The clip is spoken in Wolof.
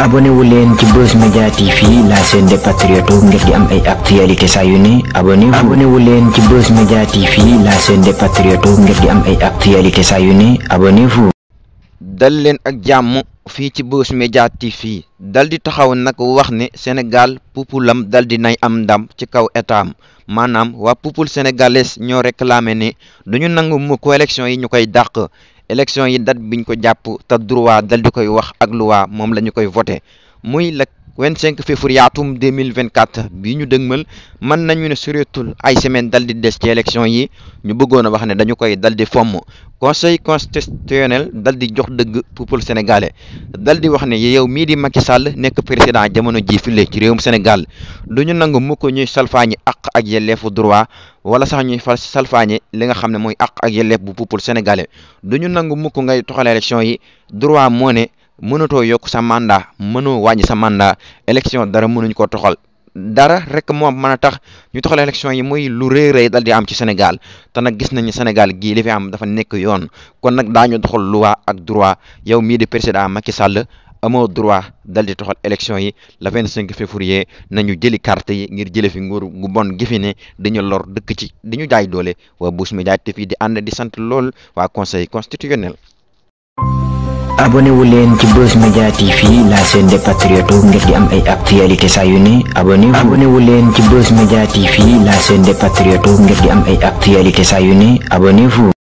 abonné wu leen ci Buzz Media TV la chaîne des patriotes ngir di am ay actualité saa yu ne abonné wu abonné wu leen ci Buzz Media TV la chaîne des patriotes ngir di am ay actualité saa yu ne abonné dal leen ak jàmm fii ci Buzz Media TV dal di taxaw nag wax ne Sénégal pupulam dal di nay am ndam ci kaw état maanaam waa pupul sénégalais ñoo réclamé ne duñu nangu mukk élection yi ñu koy dàq. élection yi date biñ ko jàpp te droit dal di koy wax ak loi moom la ñu koy voté muy le 25 février atum 2024 bii ñu dëgmal mën nañu ne sureetul ay semaine dal di des ci élection yi ñu bëggoon a wax ne dañu koy dal di fomm conseil constitutionnel dal di jox dëgg peuple sénégalais dal di wax ne yow mii di Macky Sall nekk président jamono ji file ci mu Sénégal du ñu nangu mukk ñuy salfaañi àq ak yelleefu droit wala sax ñuy sal salfaañi li nga xam ne mooy àq ak yelleef bu peuple sénégalais du ñu nangu mukk ngay toxal élection yi droit moo ne mënatoo yokk sa mandat mënoo wàññi sa mandat élection dara mënuñ ko toxal dara rek moo mën a tax ñu toxal élection yi muy lu rëy rëy dal di am ci Sénégal te nag gis nañu Sénégal gii li fi am dafa nekk yoon kon nag daañu doxal loi ak droit yow mii di président Macky Sall amoo droit dal di toxal élection yi la le 25 février nañu jëli carte yi ngir jële fi nguur gu bon gi fi ne dañu lor dëkk ci di ñu jaay doole waa Buus Média TV di ànd di sant lool waa conseil constitutionnel abonné wu leen ci Buzz Media TV la chaîne des patriotes ngir di am ay actualité saa yu ne abonné wu abonné wu leen ci Buzz Media TV la chaîne des patriotes ngir di am ay actualité saa yu ne abonnez-vous